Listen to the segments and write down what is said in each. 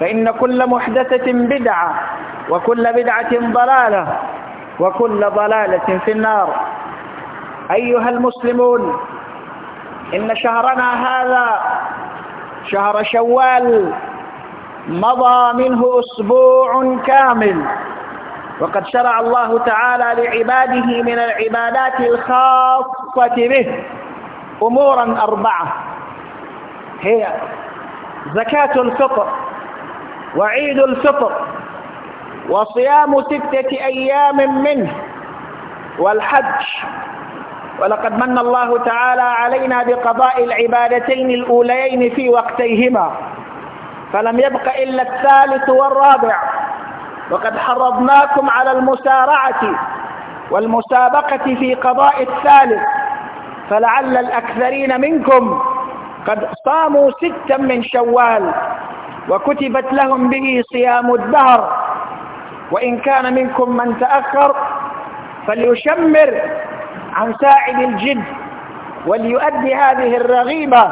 فإن كل محدثة بدعة وكل بدعة ضلالة وكل ضلالة في النار أيها المسلمون إن شهرنا هذا شهر شوال مضى منه أسبوع كامل وقد شرع الله تعالى لعباده من العبادات الخاصة به أمورا أربعة هي زكاة الفطر وعيد الفطر وصيام ستة أيام منه والحج ولقد من الله تعالى علينا بقضاء العبادتين الأوليين في وقتيهما فلم يبق إلا الثالث والرابع وقد حرضناكم على المسارعة والمسابقة في قضاء الثالث فلعل الأكثرين منكم قد صاموا ستا من شوال وكتبت لهم به صيام الدهر وإن كان منكم من تأخر فليشمر عن ساعد الجد وليؤدي هذه الرغيبة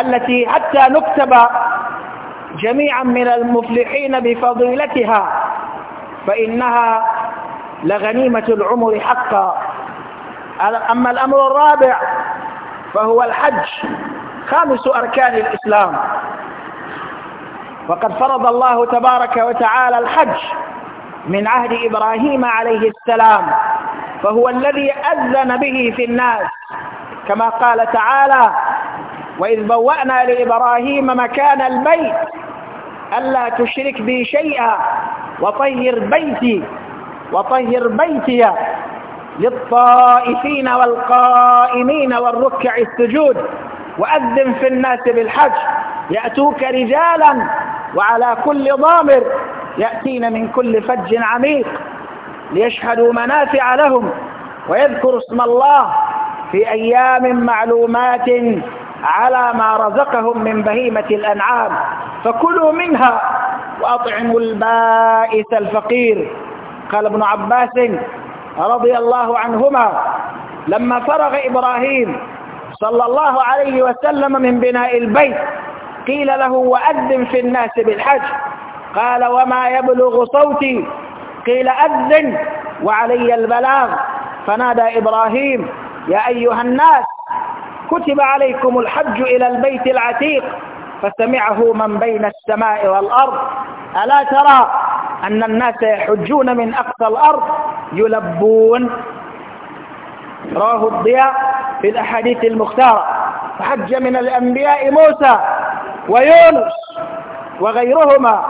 التي حتى نكتب جميعا من المفلحين بفضيلتها فإنها لغنيمة العمر حقا أما الأمر الرابع فهو الحج خامس أركان الإسلام وقد فرض الله تبارك وتعالى الحج من عهد إبراهيم عليه السلام فهو الذي أذن به في الناس كما قال تعالى وإذ بوأنا لإبراهيم مكان البيت ألا تشرك بي شيئا وطهر بيتي وطهر بيتي للطائفين والقائمين والركع السجود وأذن في الناس بالحج يأتوك رجالا وعلى كل ضامر يأتين من كل فج عميق ليشهدوا منافع لهم ويذكروا اسم الله في أيام معلومات على ما رزقهم من بهيمة الأنعام فكلوا منها وأطعموا البائس الفقير قال ابن عباس رضي الله عنهما لما فرغ إبراهيم صلى الله عليه وسلم من بناء البيت قيل له وأذن في الناس بالحج قال وما يبلغ صوتي قيل أذن وعلي البلاغ فنادى إبراهيم يا أيها الناس كتب عليكم الحج إلى البيت العتيق فسمعه من بين السماء والأرض ألا ترى أن الناس يحجون من أقصى الأرض يلبون راه الضياء في الأحاديث المختارة فحج من الأنبياء موسى ويونس وغيرهما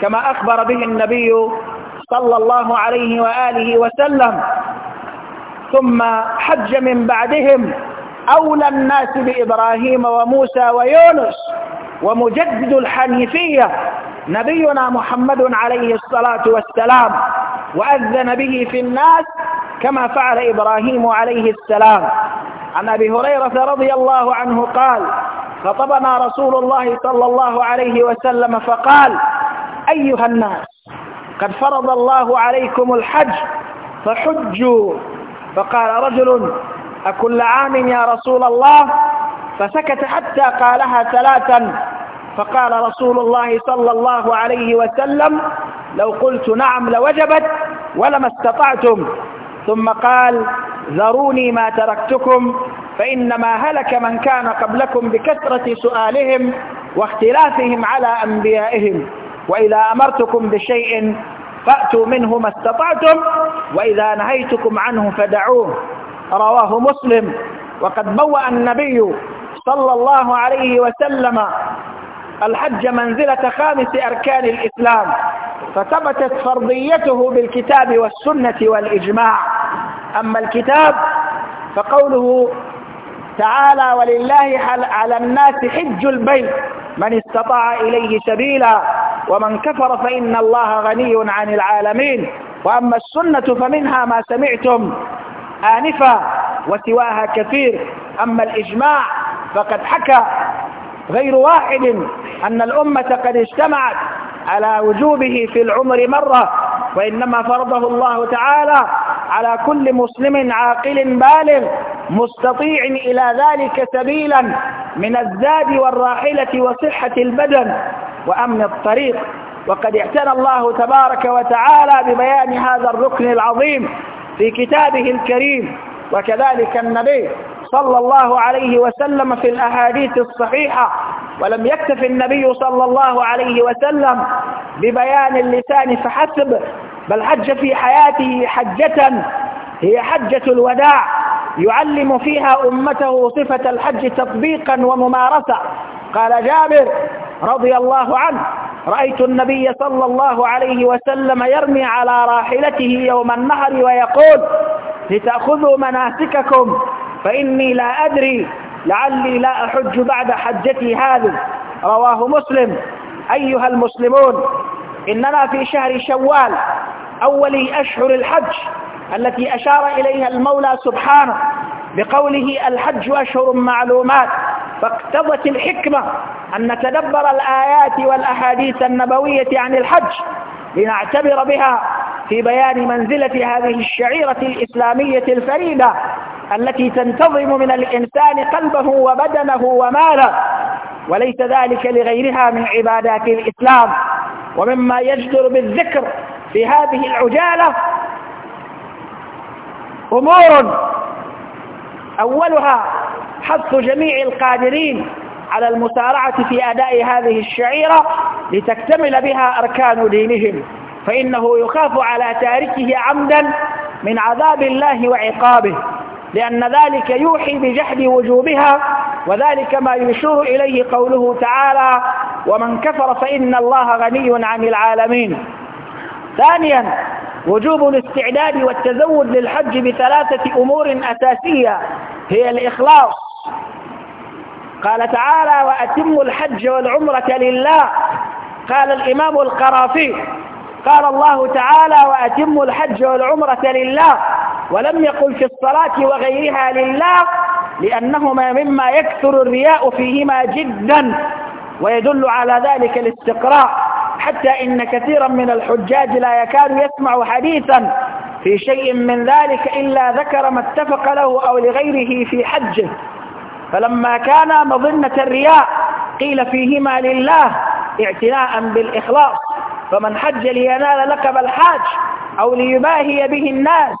كما أخبر به النبي صلى الله عليه وآله وسلم ثم حج من بعدهم أولى الناس بإبراهيم وموسى ويونس ومجدد الحنيفية نبينا محمد عليه الصلاة والسلام وأذن به في الناس كما فعل إبراهيم عليه السلام عن أبي هريرة رضي الله عنه قال خطبنا رسول الله صلى الله عليه وسلم فقال أيها الناس قد فرض الله عليكم الحج فحجوا فقال رجل أكل عام يا رسول الله فسكت حتى قالها ثلاثا فقال رسول الله صلى الله عليه وسلم لو قلت نعم لوجبت ولما استطعتم ثم قال ذروني ما تركتكم فإنما هلك من كان قبلكم بكثرة سؤالهم واختلافهم على أنبيائهم وإذا أمرتكم بشيء فأتوا منه ما استطعتم وإذا نهيتكم عنه فدعوه رواه مسلم وقد بوأ النبي صلى الله عليه وسلم الحج منزلة خامس أركان الإسلام فثبتت فرضيته بالكتاب والسنة والإجماع أما الكتاب فقوله تعالى ولله على الناس حج البيت من استطاع إليه سبيلا ومن كفر فإن الله غني عن العالمين وأما السنة فمنها ما سمعتم آنفا وسواها كثير أما الإجماع فقد حكى غير واحد أن الأمة قد اجتمعت على وجوبه في العمر مرة وإنما فرضه الله تعالى على كل مسلم عاقل بالغ مستطيع إلى ذلك سبيلا من الزاد والراحلة وصحة البدن وأمن الطريق وقد اعتنى الله تبارك وتعالى ببيان هذا الركن العظيم في كتابه الكريم وكذلك النبي صلى الله عليه وسلم في الأحاديث الصحيحة ولم يكتف النبي صلى الله عليه وسلم ببيان اللسان فحسب بل حج في حياته حجة هي حجة الوداع يعلم فيها أمته صفة الحج تطبيقا وممارسة قال جابر رضي الله عنه رأيت النبي صلى الله عليه وسلم يرمي على راحلته يوم النهر ويقول لتأخذوا مناسككم فإني لا أدري لعلي لا أحج بعد حجتي هذه رواه مسلم أيها المسلمون إننا في شهر شوال أول أشهر الحج التي أشار إليها المولى سبحانه بقوله الحج أشهر معلومات فاقتضت الحكمة أن نتدبر الآيات والأحاديث النبوية عن الحج لنعتبر بها في بيان منزلة هذه الشعيرة الإسلامية الفريدة التي تنتظم من الإنسان قلبه وبدنه وماله وليس ذلك لغيرها من عبادات الإسلام ومما يجدر بالذكر في هذه العجالة أمور أولها حث جميع القادرين على المسارعة في أداء هذه الشعيرة لتكتمل بها أركان دينهم فإنه يخاف على تاركه عمدا من عذاب الله وعقابه لأن ذلك يوحي بجحد وجوبها وذلك ما يشير إليه قوله تعالى ومن كفر فإن الله غني عن العالمين ثانيا وجوب الاستعداد والتزود للحج بثلاثة أمور أساسية هي الإخلاص قال تعالى وأتموا الحج والعمرة لله قال الإمام القرافي قال الله تعالى وأتموا الحج والعمرة لله ولم يقل في الصلاة وغيرها لله لأنهما مما يكثر الرياء فيهما جدا ويدل على ذلك الاستقراء حتى إن كثيرا من الحجاج لا يكاد يسمع حديثا في شيء من ذلك إلا ذكر ما اتفق له أو لغيره في حجه فلما كان مظنة الرياء قيل فيهما لله اعتناء بالإخلاص فمن حج لينال لكب الحاج أو ليباهي به الناس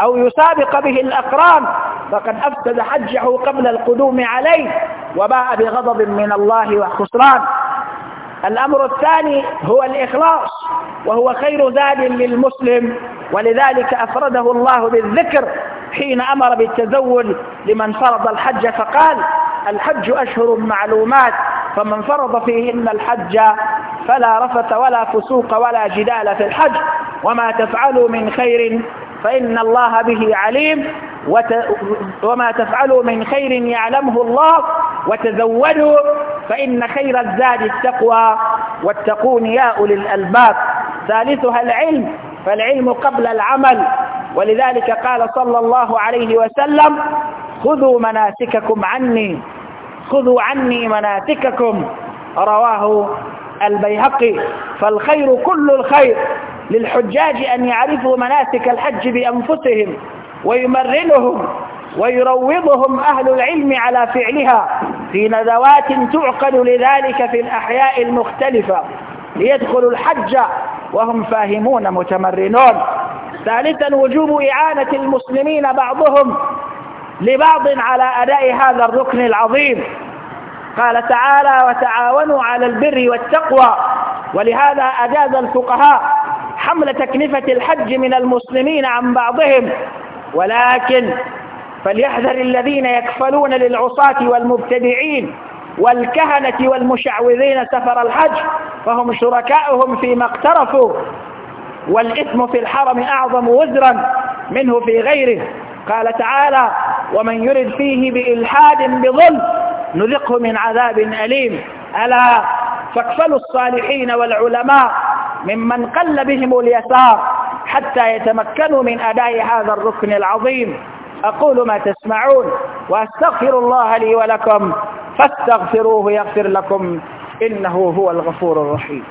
أو يسابق به الأقران فقد أفسد حجه قبل القدوم عليه وباء بغضب من الله وخسران الأمر الثاني هو الإخلاص وهو خير زاد للمسلم ولذلك أفرده الله بالذكر حين أمر بالتزوج لمن فرض الحج فقال الحج أشهر معلومات فمن فرض فيهن الحج فلا رفث ولا فسوق ولا جدال في الحج وما تفعلوا من خير فإن الله به عليم وت... وما تفعلوا من خير يعلمه الله وتزودوا فإن خير الزاد التقوى واتقون يا أولي الألباب ثالثها العلم فالعلم قبل العمل ولذلك قال صلى الله عليه وسلم خذوا مناسككم عني خذوا عني مناسككم رواه البيهقي فالخير كل الخير للحجاج أن يعرفوا مناسك الحج بأنفسهم ويمرنهم ويروضهم أهل العلم على فعلها في ندوات تعقد لذلك في الأحياء المختلفة ليدخلوا الحج وهم فاهمون متمرنون ثالثا وجوب إعانة المسلمين بعضهم لبعض على أداء هذا الركن العظيم قال تعالى وتعاونوا على البر والتقوى ولهذا أجاز الفقهاء حمل تكلفة الحج من المسلمين عن بعضهم ولكن فليحذر الذين يكفلون للعصاة والمبتدعين والكهنة والمشعوذين سفر الحج فهم شركاؤهم فيما اقترفوا والإثم في الحرم أعظم وزرا منه في غيره قال تعالى ومن يرد فيه بإلحاد بظلم نذقه من عذاب أليم ألا فاكفلوا الصالحين والعلماء ممن قل بهم اليسار حتى يتمكنوا من أداء هذا الركن العظيم أقول ما تسمعون وأستغفر الله لي ولكم فاستغفروه يغفر لكم إنه هو الغفور الرحيم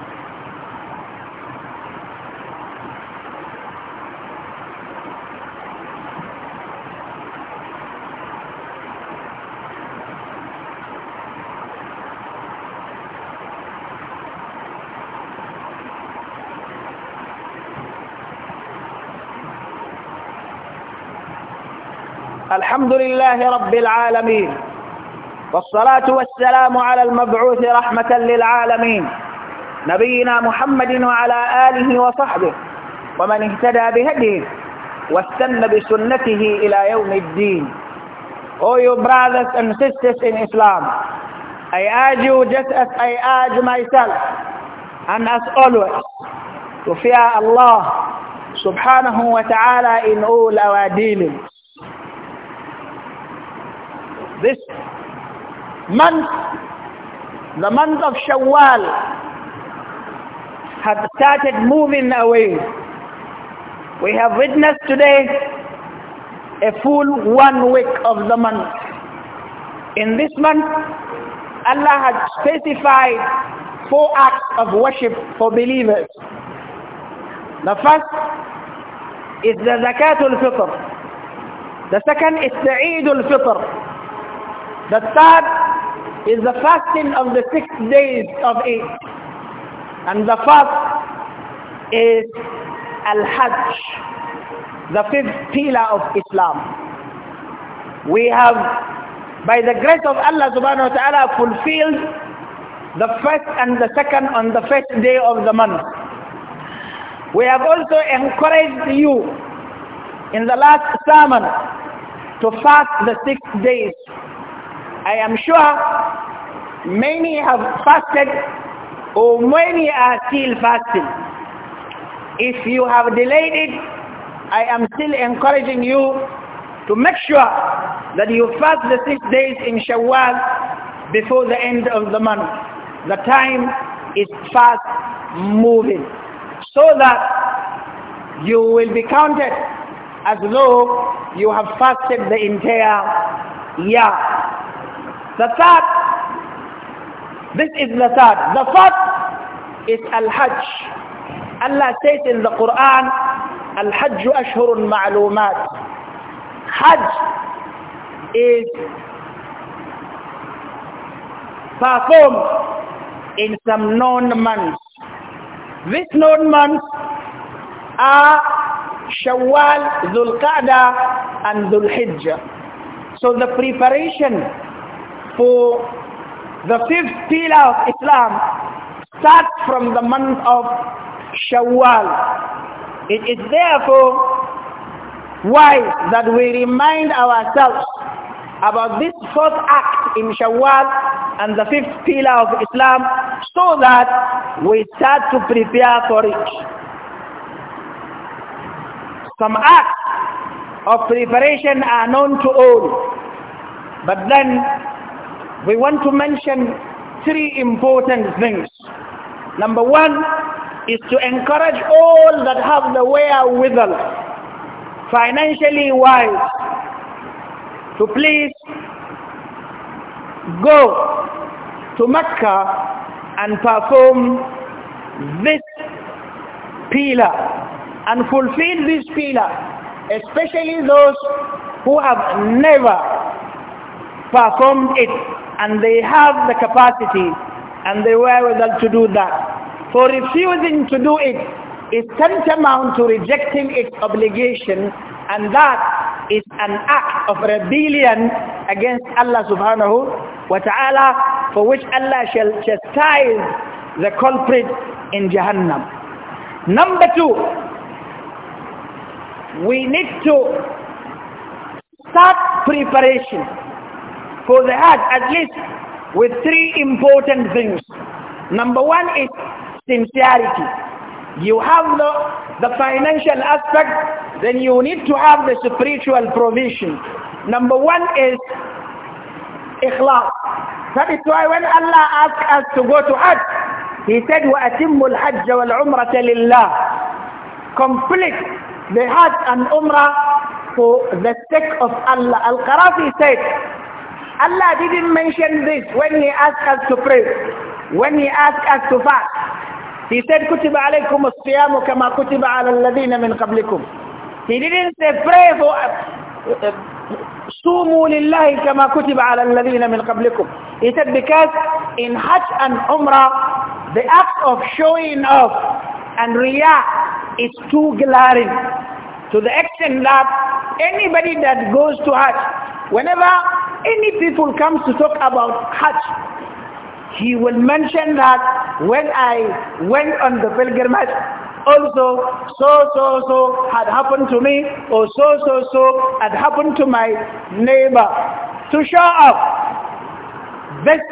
الحمد لله رب العالمين والصلاة والسلام على المبعوث رحمة للعالمين نبينا محمد وعلى آله وصحبه ومن اهتدى بهديه واستنى بسنته إلى يوم الدين Oh you brothers and sisters in Islam I urge you just as I urge myself and as always to fear Allah subhanahu wa ta'ala in all our dealings month the month of Shawwal had started moving away we have witnessed today a full one week of the month in this month Allah had specified four acts of worship for believers the first is the zakatul fitr the second is the eidul al-Fitr. The third is the fasting of the six days of Eid. And the fast is Al-Hajj, the fifth pillar of Islam. We have, by the grace of Allah subhanahu wa ta'ala, fulfilled the first and the second on the first day of the month. We have also encouraged you in the last sermon to fast the six days I am sure many have fasted or many are still fasting. If you have delayed it, I am still encouraging you to make sure that you fast the six days in Shawwal before the end of the month. The time is fast moving so that you will be counted as though you have fasted the entire year. Nasab. This is Nasab. Nasab is Al-Hajj. Allah says in the Quran, Al-Hajj Ashhurun Ma'lumat. Hajj is performed in some known months. These known months are Shawwal, Dhul Qa'dah and Dhul Hijjah. So the preparation for the fifth pillar of Islam starts from the month of Shawwal. It is therefore wise that we remind ourselves about this fourth act in Shawwal and the fifth pillar of Islam so that we start to prepare for it. Some acts of preparation are known to all, but then we want to mention three important things. Number one is to encourage all that have the wherewithal, financially wise, to please go to Mecca and perform this pillar and fulfill this pillar, especially those who have never performed it and they have the capacity and the wherewithal to do that. For refusing to do it is tantamount to rejecting its obligation and that is an act of rebellion against Allah subhanahu wa ta'ala for which Allah shall chastise the culprit in Jahannam. Number two, we need to start preparation for the heart at least with three important things. Number one is sincerity. You have the, the financial aspect, then you need to have the spiritual provision. Number one is ikhlas. That is why when Allah asked us to go to Hajj, He said, وَأَتِمُّ الْحَجَّ وَالْعُمْرَةَ لِلَّهِ Complete the Hajj and Umrah for the sake of Allah. Al-Qarafi said, Allah didn't mention this when He asked us to pray, when He asked us to fast. He said, كُتِبَ عَلَيْكُمُ الصِّيَامُ كَمَا كُتِبَ عَلَى الَّذِينَ مِنْ قَبْلِكُمْ He didn't say pray for صُومُوا لِلَّهِ كَمَا كُتِبَ عَلَى الَّذِينَ مِنْ قَبْلِكُمْ He said because in Hajj and Umrah, the act of showing off and Riyah is too glaring to the extent that anybody that goes to Hajj Whenever any people comes to talk about Hajj, he will mention that when I went on the pilgrimage, also so so so had happened to me or so so so had happened to my neighbor. To show up, this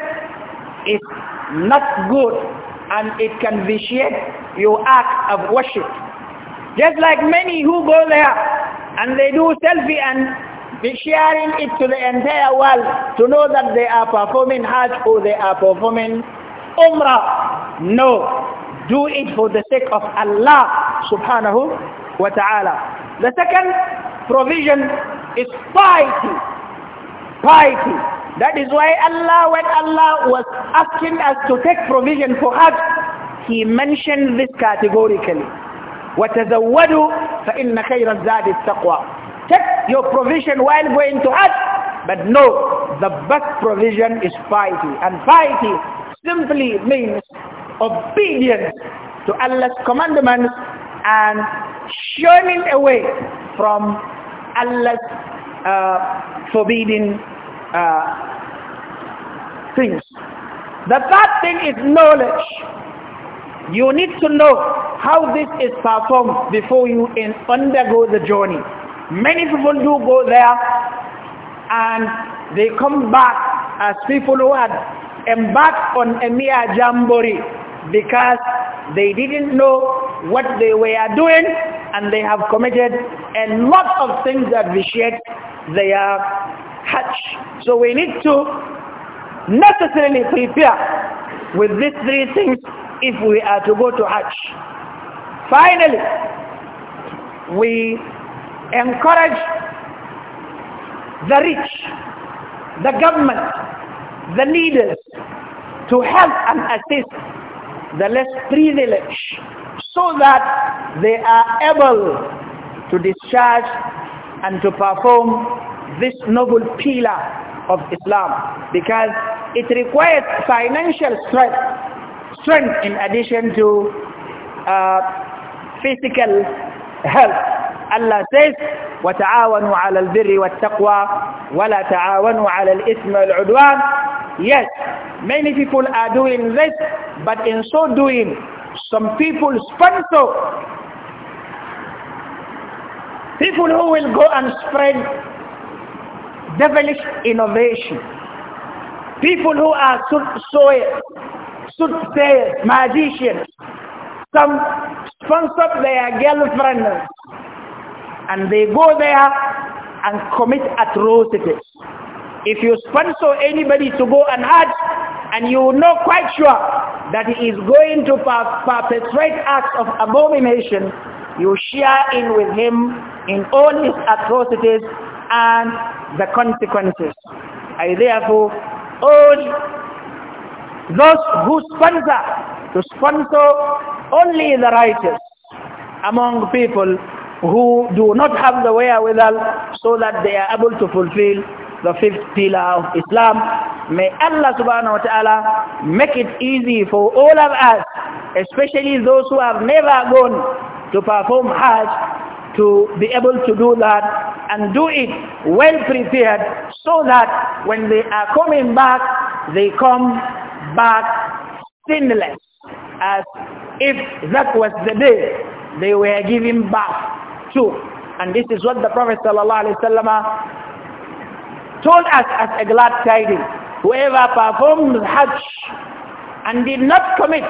is not good and it can vitiate your act of worship. Just like many who go there and they do selfie and be sharing it to the entire world to know that they are performing Hajj or they are performing Umrah. No. Do it for the sake of Allah subhanahu wa ta'ala. The second provision is piety. Piety. That is why Allah, when Allah was asking us to take provision for Hajj, He mentioned this categorically. وَتَزَوَّدُوا فَإِنَّ خَيْرَ الزَّادِ التَّقْوَى Take your provision while going to Hajj. But no, the best provision is piety. And piety simply means obedience to Allah's commandments and shunning away from Allah's uh, uh, things. The third thing is knowledge. You need to know how this is performed before you undergo the journey. Many people do go there and they come back as people who had embarked on a mere jamboree because they didn't know what they were doing and they have committed a lot of things that vitiate their hatch, So we need to necessarily prepare with these three things if we are to go to hajj. Finally, we encourage the rich, the government, the leaders to help and assist the less privileged so that they are able to discharge and to perform this noble pillar of Islam because it requires financial strength, strength in addition to uh, physical health. Allah says, وَتَعَاوَنُوا عَلَى الْبِرِّ وَالتَّقْوَى وَلَا تَعَاوَنُوا عَلَى الْإِثْمِ وَالْعُدْوَانِ Yes, many people are doing this, but in so doing, some people sponsor people who will go and spread devilish innovation. People who are soothsayers, soothsayers, magicians. Some sponsor their girlfriends and they go there and commit atrocities. If you sponsor anybody to go and hajj and you're not quite sure that he is going to perpetrate acts of abomination, you share in with him in all his atrocities and the consequences. I therefore urge those who sponsor to sponsor only the righteous among people who do not have the wherewithal so that they are able to fulfill the fifth pillar of Islam. May Allah subhanahu wa ta'ala make it easy for all of us, especially those who have never gone to perform Hajj, to be able to do that and do it well prepared so that when they are coming back, they come back sinless as if that was the day they were given birth true. And this is what the Prophet ﷺ told us as a glad tidings. Whoever performs Hajj and did not commit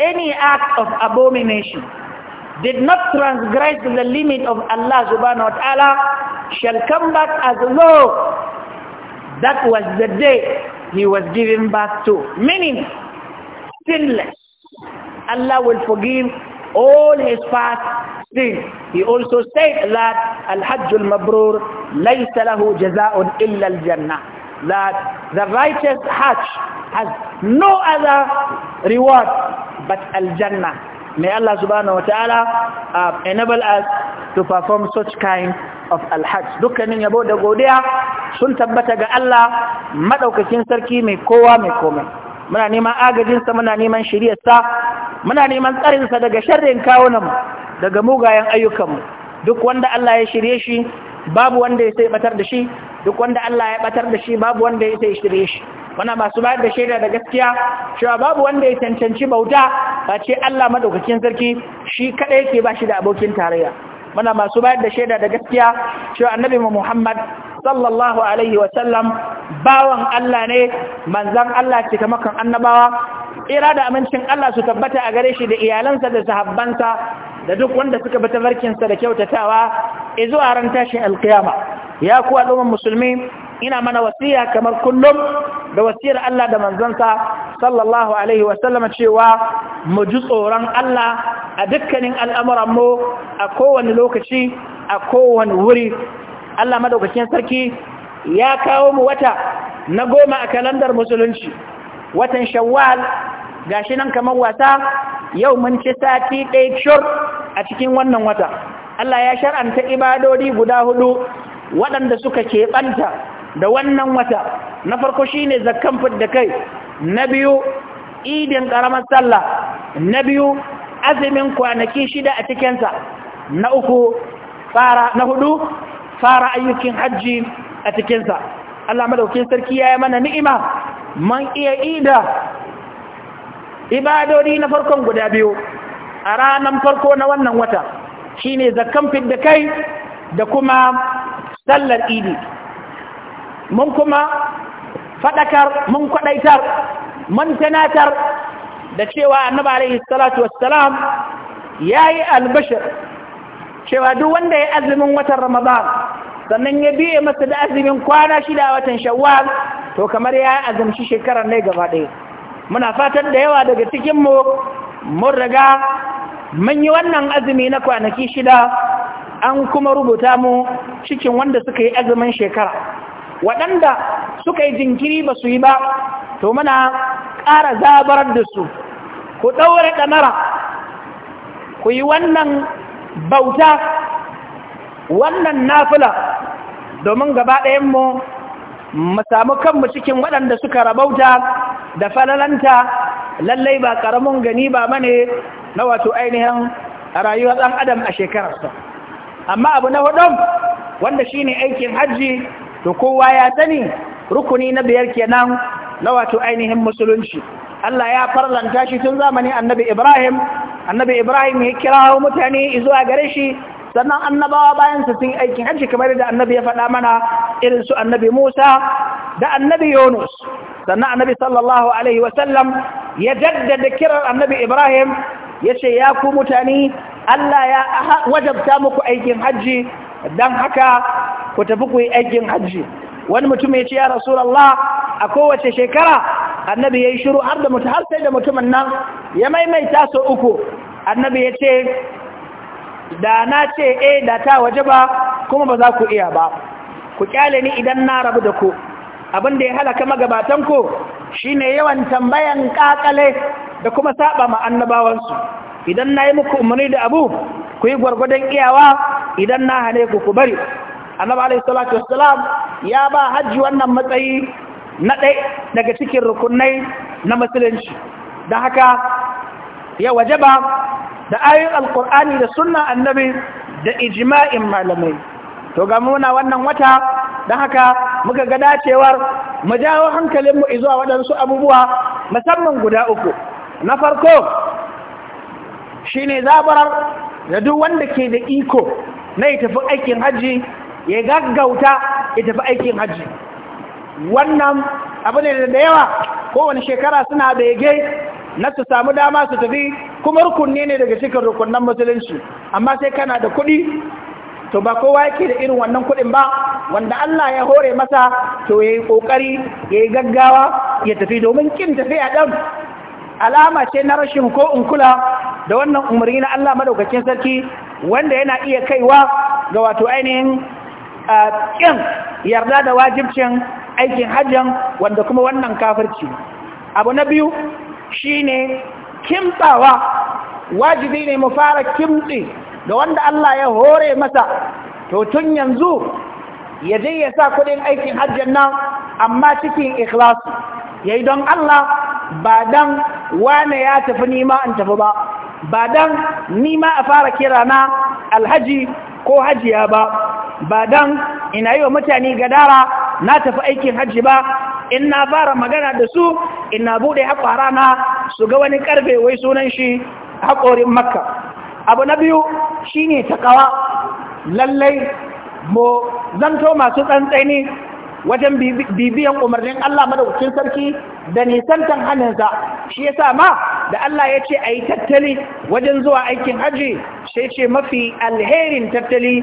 any act of abomination, did not transgress the limit of Allah subhanahu wa ta'ala, shall come back as low. That was the day he was given back to. Meaning, sinless. Allah will forgive all his past 16, he also said that Al-Hajj al-Mabrur laysa lahu jaza'un illa al-Jannah. That the righteous Hajj has no other reward but Al-Jannah. May Allah subhanahu wa ta'ala uh, enable us to perform such kind of Al-Hajj. Dukkanin yabo da godiya sun tabbata ga Allah madaukakin sarki mai kowa mai komai. muna neman agajinsa muna neman shiryarsa muna neman tsarinsa daga sharrin kawunanmu daga mugayen ayyukanmu duk wanda Allah ya shirye shi babu wanda ya sai batar da shi duk wanda Allah ya batar da shi babu wanda ya sai shirye shi muna masu bayar da shaida da gaskiya cewa babu wanda ya cancanci bauta ba ce Allah madaukakin sarki shi kadai yake ba shi da abokin tarayya muna masu bayar da shaida da gaskiya cewa annabi Muhammad sallallahu alaihi wasallam bawan Allah ne manzan Allah cika makan annabawa ira da amincin Allah su tabbata a gare shi da iyalansa da sahabbansa da duk wanda suka bi barkinsa da kyautatawa zuwa ran tashin alkiyama ya kuwa domin musulmi ina mana wasiya kamar kullum da wasiyar Allah da manzansa sallallahu alaihi wasallam cewa mu ji tsoron Allah a dukkanin al'amuranmu a kowane lokaci a kowane wuri Allah madaukakin sarki ya kawo mu wata na goma a kalandar musulunci watan shawwal gashi nan kamar wasa yau mun ci sati ɗaya shur a cikin wannan wata Allah ya shar'anta ibadodi guda hudu waɗanda suka keɓanta da wannan wata na farko shine zakkan fidda kai na biyu idin ƙaramar sallah na biyu azumin kwanaki shida a cikinsa na uku fara na hudu fara ayyukin hajji a cikinsa Allah madaukin sarki ya yi mana ni'ima man iya ida ibadodi na farkon guda biyu a ranar farko na wannan wata shine zakamfin da kai da kuma sallar idi mun kuma faɗakar mun kwaɗaitar mun tanatar da cewa annaba alaihi salatu wassalam ya yi albashir cewa duk wanda ya azumin watan ramadan sannan ya biye masa da azumin kwana shida watan shawwal to kamar ya azumci shekarar ne gaba ɗaya muna fatan da yawa daga cikinmu mun riga mun yi wannan azumi na kwanaki shida an kuma rubuta mu cikin wanda suka yi azumin shekara waɗanda suka yi jinkiri ba su yi ba to muna ƙara zabar da su ku ɗaure ɗamara ku yi wannan bauta wannan nafila domin gaba ɗayanmu mu samu kanmu cikin waɗanda suka rabauta da falalanta lallai ba ƙaramin gani ba mane na wato ainihin rayuwar ɗan adam a shekararsa amma abu na hudun wanda shine aikin hajji to kowa ya sani rukuni na biyar kenan na wato ainihin musulunci Allah ya farlanta shi tun zamanin annabi Ibrahim annabi Ibrahim ya kira mutane zuwa gare shi sannan annabawa bayan su sun aikin hajji kamar da annabi ya faɗa mana irin su annabi Musa da annabi Yunus sannan annabi sallallahu alaihi sallam ya jaddada kiran annabi Ibrahim ya ce ya ku mutane Allah ya wajabta muku aikin hajji don haka ku tafi ku yi aikin hajji wani mutum ya ce ya rasulallah a kowace shekara annabi ya yi shiru har da mutu har sai da mutumin nan ya maimaita so uku annabi ya ce da na ce eh da ta waje ba kuma ba za ku iya ba ku kyale ni idan na rabu da ku abin da ya halaka magabatan ku shine yawan tambayan kakale da kuma saba ma annabawansu idan na yi muku umarni da abu ku yi gwargwadon iyawa idan na hane ku ku bari annabi alaihi salatu wassalam ya ba hajji wannan matsayi na ɗai daga cikin rukunai na musulunci da haka ya wajaba da ayoyin alkur'ani da sunna annabi da ijma'in malamai to ga muna wannan wata da haka muka ga dacewar mu jawo hankalinmu izuwa waɗansu abubuwa musamman guda uku na farko shine zabarar da duk wanda ke da iko na yi tafi aikin hajji ya gaggauta ya tafi aikin hajji wannan abu ne da yawa kowane shekara suna bege na su samu dama su tafi kuma rukunni ne daga cikin rukunnan musulunci amma sai kana da kuɗi to ba kowa yake da irin wannan kuɗin ba wanda Allah ya hore masa to yayi kokari yayi gaggawa ya tafi domin kin a dan alama ce na rashin ko in kula da wannan umarni na Allah madaukakin sarki wanda yana iya kaiwa ga wato ainihin ƙin yarda da wajibcin aikin hajjan wanda kuma wannan kafirci abu na biyu shine kimtsawa wajibi ne mu fara kimtsi da wanda Allah ya hore masa to tun yanzu ya je ya sa kudin aikin hajjan nan amma cikin ikhlas yayi don Allah ba dan wane ya tafi nima an tafi ba ba dan nima a fara kira na alhaji ko hajiya ba ba dan ina yi wa mutane gadara na tafi aikin hajji ba in na fara magana da su ina bude haƙwara na su ga wani ƙarfe wai sunan shi haƙorin makka abu na biyu shi ne ta ƙawa. lallai mu zanto masu tsantsani wajen bibiyan umarnin Allah madaukakin sarki da nisantan hannunsa shi sa ma da Allah ya ce a yi tattali wajen zuwa aikin hajji sai ce mafi alherin tattali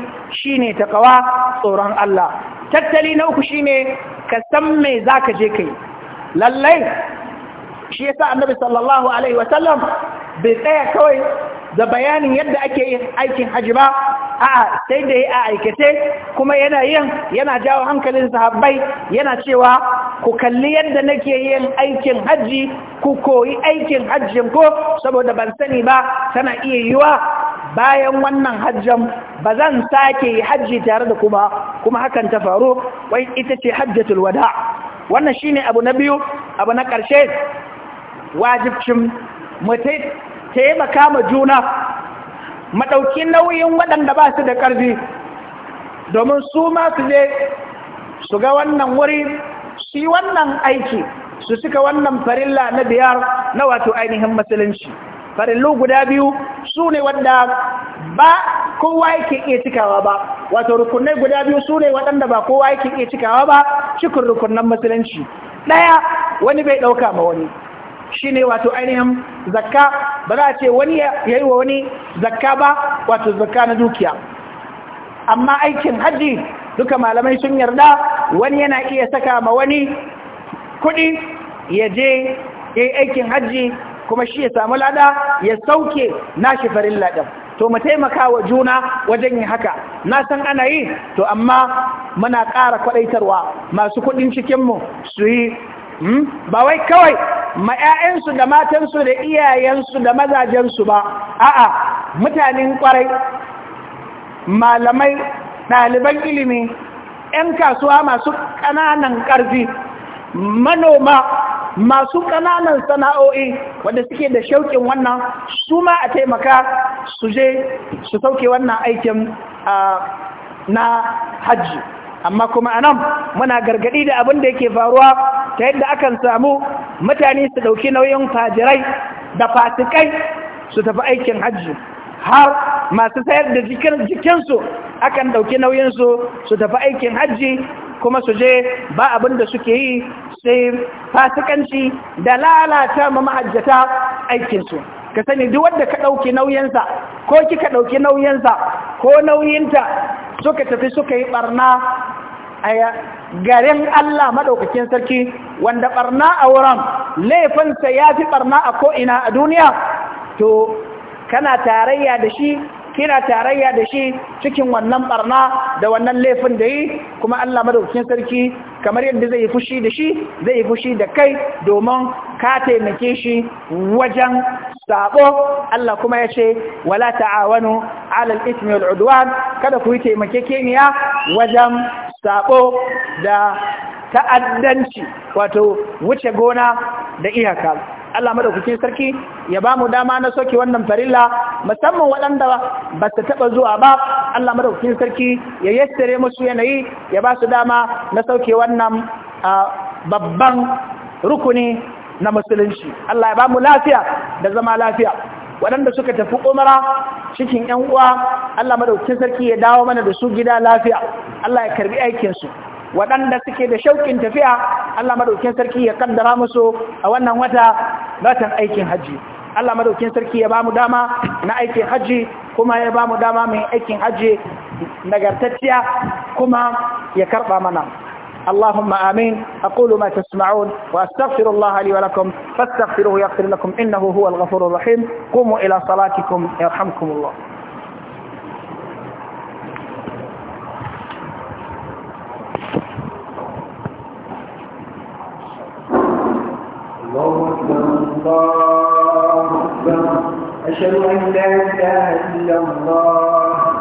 shine takawa tsoron Allah tattali na uku ne, ka san me zaka je kai lallai shi sa annabi sallallahu alaihi wasallam bai tsaya kawai da bayanin yadda ake yin aikin hajji ba a'a sai da ya aikace kuma yana yin yana jawo hankalin sahabbai yana cewa ku kalli yadda nake yin aikin hajji ku koyi aikin hajjin ko saboda ban sani ba tana iya yiwa bayan wannan hajjan ba zan sake hajji tare da kuma kuma hakan ta faru wai ita ce hajjatul wada wannan shine abu na biyu abu na ƙarshe wajibcin mutum taimaka ma juna maɗauki nauyin waɗanda ba su da ƙarfi domin su ma su je su ga wannan wuri su yi wannan aiki su suka wannan farilla na biyar na wato ainihin musulunci farillu guda biyu su ne wadda ba kowa yake iya cikawa ba wato rukunai guda biyu su ne waɗanda ba kowa yake iya cikawa ba cikin rukunan musulunci ɗaya wani bai ɗauka ma wani shine wato ainihin zakka ba za a ce wani ya yi wa wani zakka ba wato zakka na dukiya amma aikin hajji duka malamai sun yarda wani yana iya saka ma wani kuɗi ya je ya yi aikin hajji kuma shi ya samu lada ya sauke nashi farin ladan to mu taimaka wa juna wajen yin haka na san ana yi to amma muna ƙara kwaɗaitarwa masu kuɗin cikinmu su yi hmm? ba wai kawai ma 'ya'yansu da matansu da iyayensu da mazajensu ba a'a mutanen kwarai malamai ɗaliban ilimi 'yan kasuwa masu ƙananan ƙarfi manoma masu ƙananan sana'o'i wanda suke da shauƙin wannan su ma a taimaka su je su sauke wannan aikin na hajji amma kuma anan muna gargaɗi da abin da yake faruwa ta yadda akan samu mutane su ɗauki nauyin fajirai da fasikai su tafi aikin hajji har masu sayar da jikinsu akan ɗauki nauyinsu su tafi aikin hajji kuma su je ba abin da suke yi sai fasikanci da lalata ma mahajjata aikinsu ka sani duk wanda ka ɗauki nauyinsa ko kika ɗauki nauyinsa ko nauyinta suka tafi suka yi ɓarna a garin Allah maɗaukakin sarki wanda ɓarna a wurin laifinsa ya fi ɓarna a ko'ina a duniya to kana tarayya da shi kina tarayya da shi cikin wannan ɓarna da wannan laifin da yi kuma Allah madaukakin sarki kamar yadda zai fushi da shi zai fushi da kai domin ka taimake shi wajen sabo Allah kuma ya ce wala ta'awanu ala al-ithmi wal udwan kada ku yi taimake keniya wajen Saɓo da ta'addanci wato wuce gona da iyaka Allah madaukakin sarki ya ba mu dama na soke wannan farilla musamman waɗanda ba su taɓa zuwa ba Allah madaukakin sarki ya yastare musu yanayi ya ba su dama na sauke wannan babban rukuni na musulunci Allah ya ba mu lafiya da zama lafiya waɗanda suka tafi umara cikin ‘yan uwa Allah madaukin sarki ya dawo mana da su gida lafiya Allah ya karbi aikinsu waɗanda suke da shauƙin tafiya Allah madaukin sarki ya kaddara musu a wannan wata batan aikin hajji Allah madaukin sarki ya ba mu dama na aikin hajji kuma ya ba mu dama mai aikin hajji nagartacciya kuma ya karɓa mana اللهم آمين أقول ما تسمعون وأستغفر الله لي ولكم فاستغفروه يغفر لكم إنه هو الغفور الرحيم قوموا إلى صلاتكم يرحمكم الله الله أكبر الله أكبر أشهد أن لا إله إلا الله